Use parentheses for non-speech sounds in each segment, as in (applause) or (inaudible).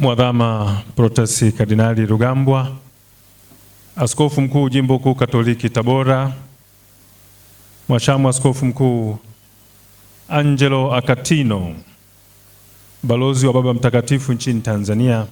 Mwadhama Protasi Kardinali Rugambwa, Askofu Mkuu Jimbo Kuu Katoliki Tabora, Mwashamu Askofu Mkuu Angelo Akatino, Balozi wa Baba Mtakatifu nchini Tanzania,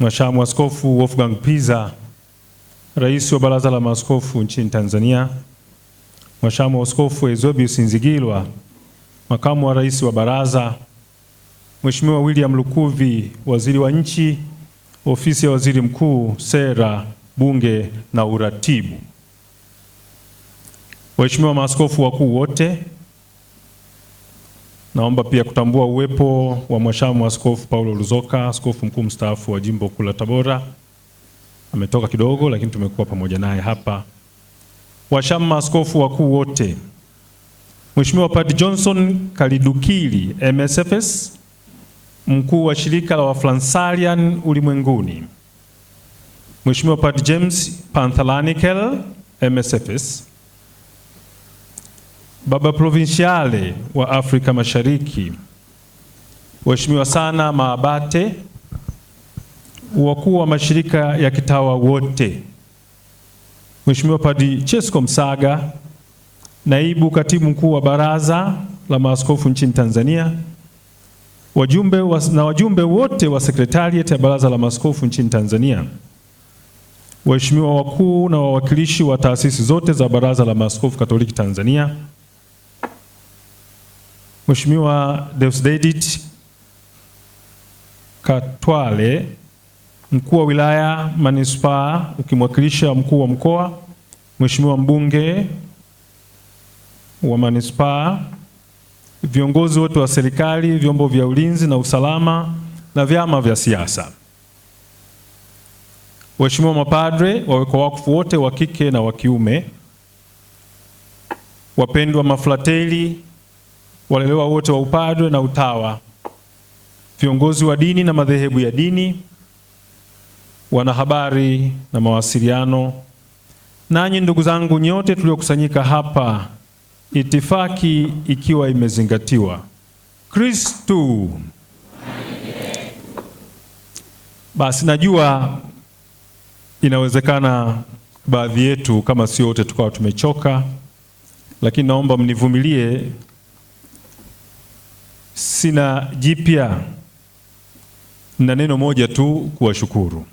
Mwashamu Askofu Wolfgang Pisa, Rais wa Baraza la Maaskofu nchini Tanzania, Mwashamu Askofu Ezobius Nzigilwa, Makamu wa Rais wa Baraza Mheshimiwa William Lukuvi, waziri wa nchi, ofisi ya waziri mkuu, sera, bunge na uratibu, waheshimiwa maaskofu wakuu wote, naomba pia kutambua uwepo wa mwashamu Askofu Paulo Luzoka, askofu mkuu mstaafu wa jimbo kuu la Tabora. Ametoka kidogo, lakini tumekuwa pamoja naye hapa. Washamu maaskofu wakuu wote, Mheshimiwa Pat Johnson Kalidukili MSFS mkuu wa shirika la Wafransalian ulimwenguni Mheshimiwa Padre James Panthalanikel MSFS, Baba Provinciale wa Afrika Mashariki, waheshimiwa sana maabate, wakuu wa mashirika ya kitawa wote, Mheshimiwa Padre Chesko Msaga, naibu katibu mkuu wa Baraza la Maaskofu nchini Tanzania wajumbe wa, na wajumbe wote wa sekretarieti ya Baraza la Maaskofu nchini Tanzania, waheshimiwa wakuu na wawakilishi wa taasisi zote za Baraza la Maaskofu Katoliki Tanzania, Mheshimiwa Deusdedit Katwale, mkuu wa wilaya manispaa ukimwakilisha mkuu wa mkoa, Mheshimiwa mbunge wa manispaa viongozi wote wa serikali, vyombo vya ulinzi na usalama na vyama vya siasa. Waheshimiwa mapadre, wawekwa wakfu wote wa kike na wa kiume, wapendwa maflateli, walelewa wote wa upadre na utawa, viongozi wa dini na madhehebu ya dini, wanahabari na mawasiliano, nanyi ndugu zangu nyote tuliokusanyika hapa Itifaki ikiwa imezingatiwa. Kristu. Basi najua inawezekana baadhi yetu kama sio wote tukawa tumechoka, lakini naomba mnivumilie. Sina jipya na neno moja tu, kuwashukuru.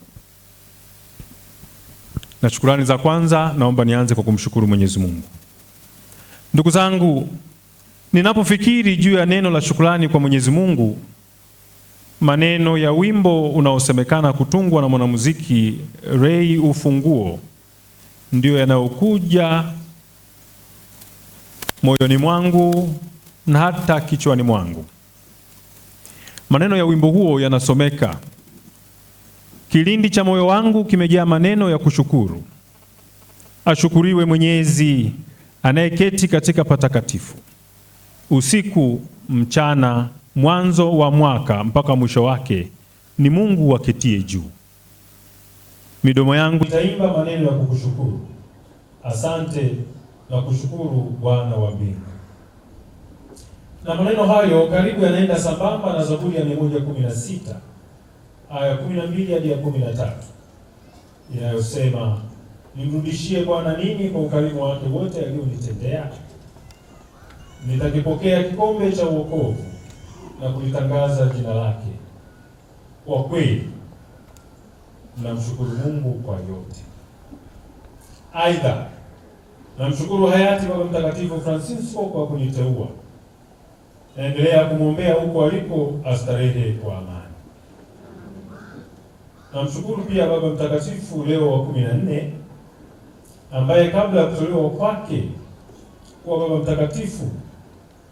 Na shukurani za kwanza, naomba nianze kwa kumshukuru Mwenyezi Mungu Ndugu zangu, ninapofikiri juu ya neno la shukrani kwa Mwenyezi Mungu, maneno ya wimbo unaosemekana kutungwa na mwanamuziki Ray Ufunguo ndiyo yanayokuja moyoni mwangu na hata kichwani mwangu. Maneno ya wimbo huo yanasomeka: Kilindi cha moyo wangu kimejaa maneno ya kushukuru. Ashukuriwe Mwenyezi anayeketi katika patakatifu usiku mchana, mwanzo wa mwaka mpaka mwisho wake, ni Mungu waketie juu. Midomo yangu itaimba maneno ya kukushukuru. Asante na kushukuru Bwana wa mbingu. Na maneno hayo karibu yanaenda sambamba na Zaburi ya 116 aya 12 hadi ya 13 inayosema nirudishie Bwana nini kwa ukarimu wake wote alionitendea. Nitakipokea kikombe cha uokovu na kulitangaza jina lake. Kwa kweli namshukuru Mungu kwa yote. Aidha, namshukuru hayati Baba Mtakatifu Francisco kwa kuniteua. Naendelea kumwombea huko alipo, astarehe kwa amani. Namshukuru pia Baba Mtakatifu Leo wa kumi na nne ambaye kabla ya kutolewa kwake kuwa baba mtakatifu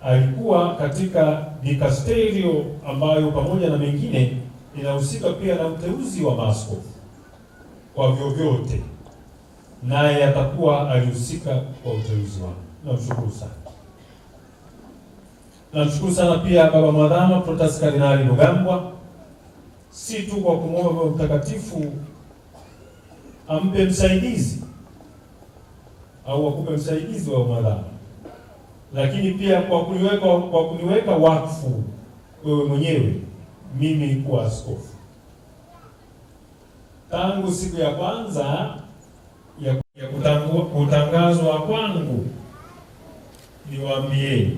alikuwa katika dikasterio ambayo pamoja na mengine inahusika pia na uteuzi wa maaskofu kwa vyovyote, naye atakuwa alihusika kwa uteuzi wao. Namshukuru sana, namshukuru sana pia baba mwadhama Protas Kardinali Rugambwa, si tu kwa kumwomba baba mtakatifu ampe msaidizi au wakupe msaidizi wa mwadhamu, lakini pia kwa kuniweka kwa kuniweka wakfu wewe mwenyewe mimi kuwa askofu. Tangu siku ya kwanza ya, ya kutangu, kutangazwa kwangu, niwaambie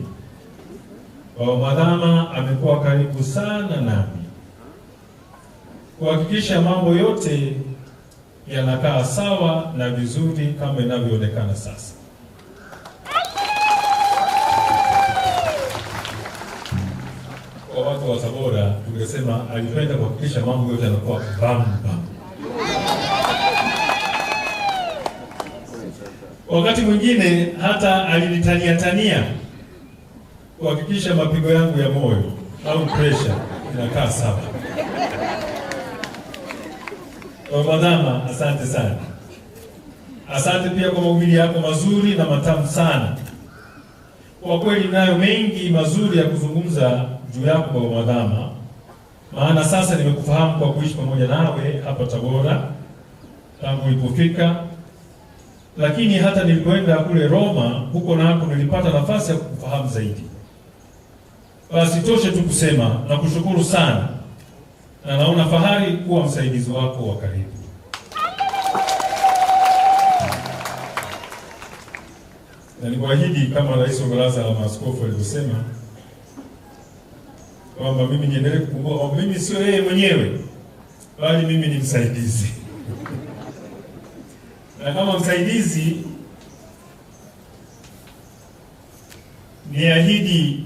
baba mwadhama amekuwa karibu sana nami kuhakikisha mambo yote yanakaa sawa na vizuri kama inavyoonekana sasa. Kwa watu wa Tabora tungesema alipenda kuhakikisha mambo yote yanakuwa bamba. Wakati mwingine hata alinitaniatania kuhakikisha mapigo yangu ya moyo au pressure inakaa sawa. Madhama, asante sana, asante pia kwa mahubiri yako mazuri na matamu sana. Kwa kweli nayo mengi mazuri ya kuzungumza juu yako Baba Mwadhama, maana sasa nimekufahamu kwa kuishi pamoja nawe hapa Tabora tangu ulipofika, lakini hata nilipoenda kule Roma, huko nako nilipata nafasi ya kukufahamu zaidi. Basi toshe tu kusema na kushukuru sana na naona fahari kuwa msaidizi wako wa karibu. Nilikuahidi kama rais wa baraza la maaskofu alivyosema kwamba mimi niendelee kukumbuka mimi sio yeye mwenyewe, bali mimi ni msaidizi (laughs) na kama msaidizi niahidi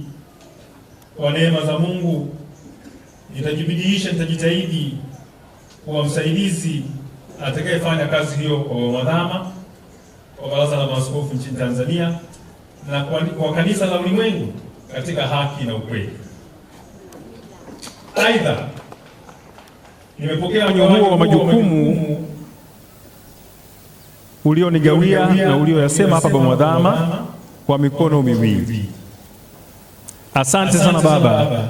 kwa neema za Mungu nitajibidiisha, nitajitahidi kuwa msaidizi atakayefanya kazi hiyo kwa wadhama kwa Baraza la Maaskofu nchini Tanzania na kwa, kwa kanisa la ulimwengu katika haki na ukweli. Aidha, nimepokea mgawanyo wa majukumu ulionigawia na ulioyasema hapa BAMWADHAMA kwa mikono miwili. Asante sana baba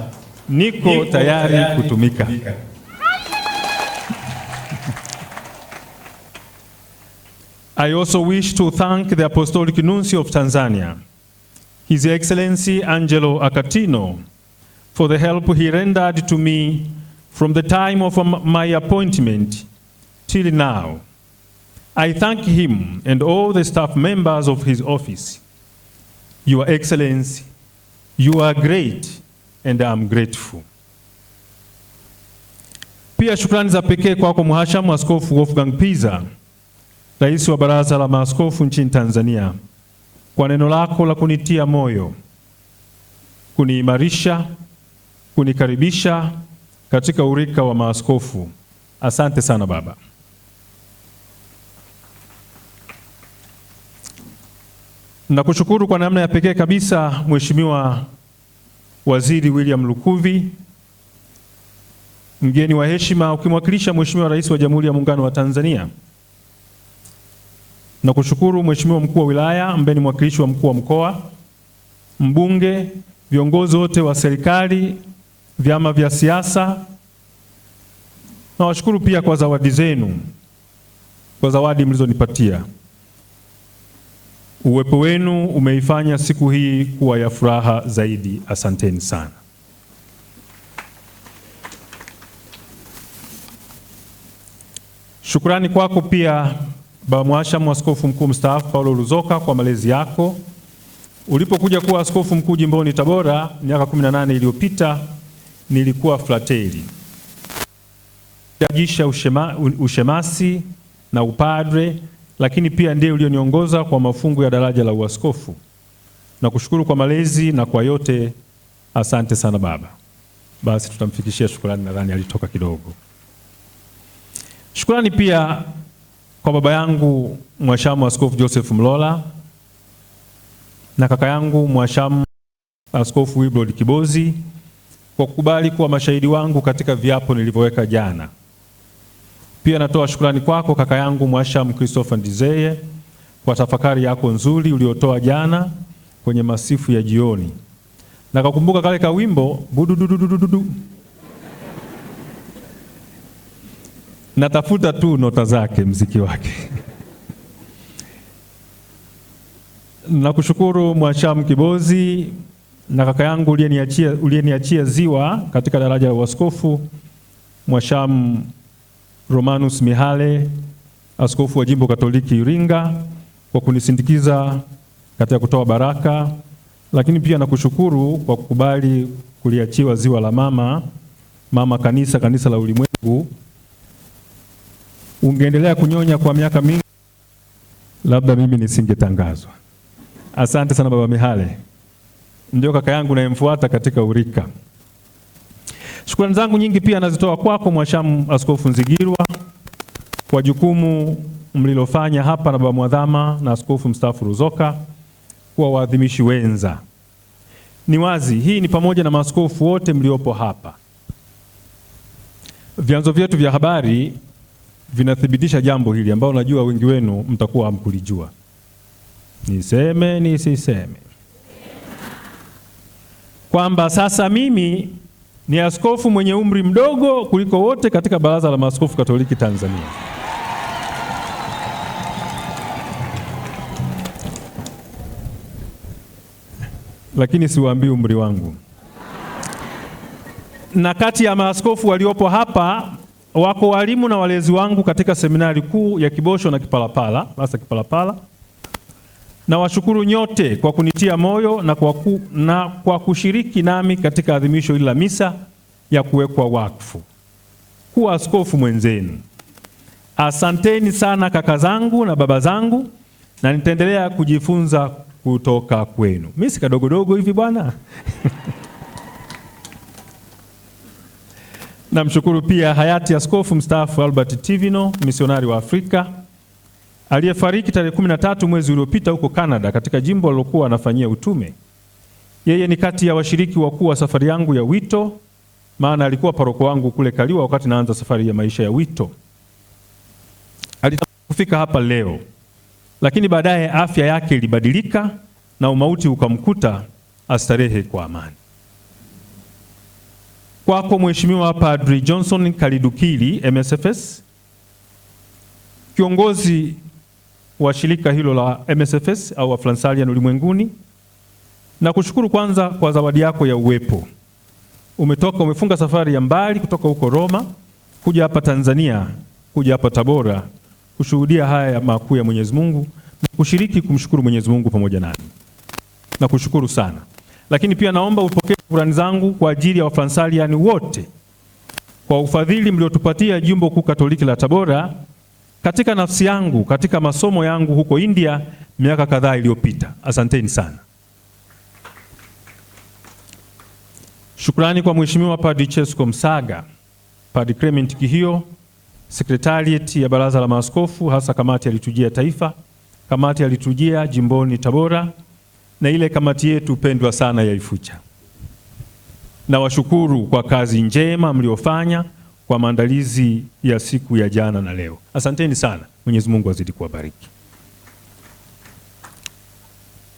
niko, tayari, kutumika, kutumika. (laughs) I also wish to thank the Apostolic Nuncio of Tanzania, His Excellency Angelo Acatino, for the help he rendered to me from the time of my appointment till now. I thank him and all the staff members of his office. Your Excellency, you are great and I'm grateful. Pia shukrani za pekee kwako Mhashamu Askofu Wolfgang Pisa, Rais wa Baraza la Maaskofu nchini Tanzania, kwa neno lako la kunitia moyo, kuniimarisha, kunikaribisha katika urika wa maaskofu. Asante sana baba. Nakushukuru kwa namna ya pekee kabisa Mheshimiwa Waziri William Lukuvi, mgeni wa heshima ukimwakilisha Mheshimiwa Rais wa Jamhuri ya Muungano wa Tanzania. Nakushukuru Mheshimiwa Mkuu wa Wilaya ambaye ni mwakilishi wa mkuu wa mkoa, mbunge, viongozi wote wa serikali, vyama vya siasa. Nawashukuru pia kwa zawadi zenu, kwa zawadi mlizonipatia. Uwepo wenu umeifanya siku hii kuwa ya furaha zaidi. Asanteni sana. Shukrani kwako pia Baba Mwashamu, askofu mkuu mstaafu Paulo Luzoka, kwa malezi yako. Ulipokuja kuwa askofu mkuu jimboni Tabora miaka 18 iliyopita, nilikuwa frateli jisha ushema, ushemasi na upadre lakini pia ndiye ulioniongoza kwa mafungu ya daraja la uaskofu. Nakushukuru kwa malezi na kwa yote, asante sana baba. Basi tutamfikishia shukrani, nadhani alitoka kidogo. Shukrani pia kwa baba yangu mwashamu Askofu Joseph Mlola na kaka yangu mwashamu Askofu Wilbrod Kibozi kwa kukubali kuwa mashahidi wangu katika viapo nilivyoweka jana. Pia natoa shukrani kwako kaka yangu Mwasham Christopher Ndizeye kwa tafakari yako nzuri uliotoa jana kwenye masifu ya jioni. Nakakumbuka kale ka wimbo bududududududu. Natafuta tu nota zake mziki wake. Nakushukuru Mwasham Kibozi na kaka yangu uliyeniachia uliyeniachia ziwa katika daraja la uaskofu Mwasham Romanus Mihale, askofu wa jimbo Katoliki Iringa, kwa kunisindikiza katika kutoa baraka, lakini pia nakushukuru kwa kukubali kuliachiwa ziwa la mama mama kanisa, kanisa la ulimwengu. Ungeendelea kunyonya kwa miaka mingi, labda mimi nisingetangazwa. Asante sana Baba Mihale, ndio kaka yangu nayemfuata katika urika. Shukrani zangu nyingi pia nazitoa kwako Mhashamu Askofu nzigirwa kwa jukumu mlilofanya hapa na Baba Mwadhama na Askofu mstaafu Ruzoka kuwa waadhimishi wenza. Ni wazi hii ni pamoja na maaskofu wote mliopo hapa. Vyanzo vyetu vya habari vinathibitisha jambo hili ambalo najua wengi wenu mtakuwa hamkulijua. Niseme nisiseme kwamba sasa mimi ni askofu mwenye umri mdogo kuliko wote katika Baraza la Maaskofu Katoliki Tanzania. Lakini siwaambii umri wangu. Na kati ya maaskofu waliopo hapa wako walimu na walezi wangu katika seminari kuu ya Kibosho na Kipalapala, hasa Kipalapala. Nawashukuru nyote kwa kunitia moyo na kwa, ku, na kwa kushiriki nami katika adhimisho hili la misa ya kuwekwa wakfu kuwa askofu mwenzenu. Asanteni sana kaka zangu na baba zangu, na nitaendelea kujifunza kutoka kwenu. Misi kadogodogo hivi bwana (laughs) namshukuru pia hayati askofu mstaafu Albert Tivino, misionari wa Afrika aliyefariki tarehe 13 mwezi uliopita huko Canada katika jimbo alilokuwa anafanyia utume. Yeye ni kati ya washiriki wakuu wa safari yangu ya wito, maana alikuwa paroko wangu kule Kaliwa wakati naanza safari ya maisha ya wito. Alitaka kufika hapa leo, lakini baadaye afya yake ilibadilika na umauti ukamkuta, astarehe kwa amani. Kwako Mheshimiwa Padri Johnson Kalidukili MSFS, kiongozi wa shirika hilo la MSFS au Waflansalian ulimwenguni na kushukuru kwanza kwa zawadi yako ya uwepo. Umetoka umefunga safari ya mbali kutoka huko Roma kuja hapa Tanzania, kuja hapa Tabora kushuhudia haya ya makuu ya Mwenyezi Mungu na kushiriki kumshukuru Mwenyezi Mungu pamoja nani. Na kushukuru sana. Lakini pia naomba upokee shukrani zangu kwa ajili ya Wafransaliani wote kwa ufadhili mliotupatia Jimbo Kuu Katoliki la Tabora katika nafsi yangu katika masomo yangu huko India miaka kadhaa iliyopita. Asanteni sana. Shukrani kwa Mheshimiwa Padri Chesko Msaga, Padri Clement Kihio, sekretarieti ya Baraza la Maaskofu, hasa kamati ya liturujia taifa, kamati ya liturujia jimboni Tabora na ile kamati yetu pendwa sana ya Ifucha. Nawashukuru kwa kazi njema mliofanya kwa maandalizi ya siku ya jana na leo. Asanteni sana. Mwenyezi Mungu azidi kuwabariki.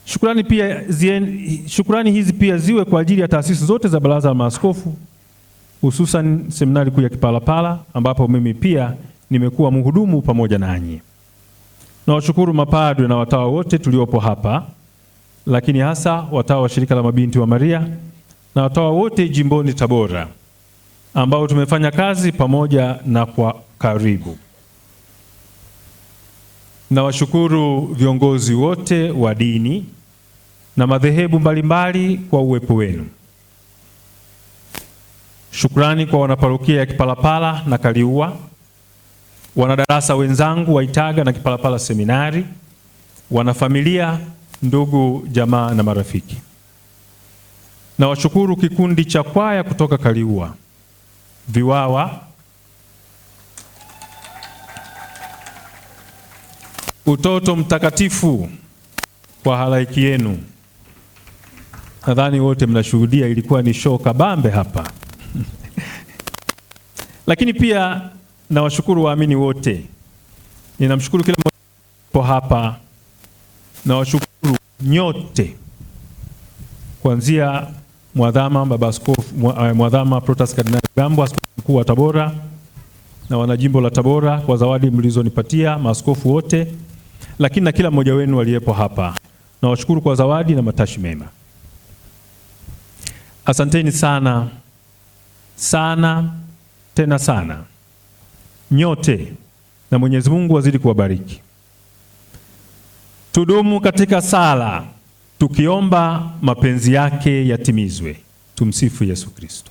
Shukrani pia zien, shukrani hizi pia ziwe kwa ajili ya taasisi zote za Baraza la Maaskofu hususan seminari kuu ya Kipalapala ambapo mimi pia nimekuwa mhudumu pamoja nanyi. Nawashukuru mapadwe na watawa wote tuliopo hapa, lakini hasa watawa wa shirika la mabinti wa Maria na watawa wote jimboni Tabora ambao tumefanya kazi pamoja na kwa karibu. Nawashukuru viongozi wote wa dini na madhehebu mbalimbali kwa uwepo wenu. Shukrani kwa wanaparokia ya Kipalapala na Kaliua, wanadarasa wenzangu wa Itaga na Kipalapala Seminari, wanafamilia, ndugu, jamaa na marafiki. Nawashukuru kikundi cha kwaya kutoka Kaliua viwawa, utoto mtakatifu kwa halaiki yenu. Nadhani wote mnashuhudia, ilikuwa ni show kabambe hapa (laughs) lakini pia nawashukuru waamini wote, ninamshukuru kila mmoja po hapa. Nawashukuru nyote kuanzia mwadhama baba askofu eh, mwadhama Protas Kardinali Gambo mkuu wa Tabora na wanajimbo la Tabora kwa zawadi mlizonipatia, maaskofu wote, lakini na kila mmoja wenu aliyepo hapa. Nawashukuru kwa zawadi na matashi mema. Asanteni sana sana tena sana nyote, na Mwenyezi Mungu azidi kuwabariki. Tudumu katika sala tukiomba mapenzi yake yatimizwe. Tumsifu Yesu Kristo.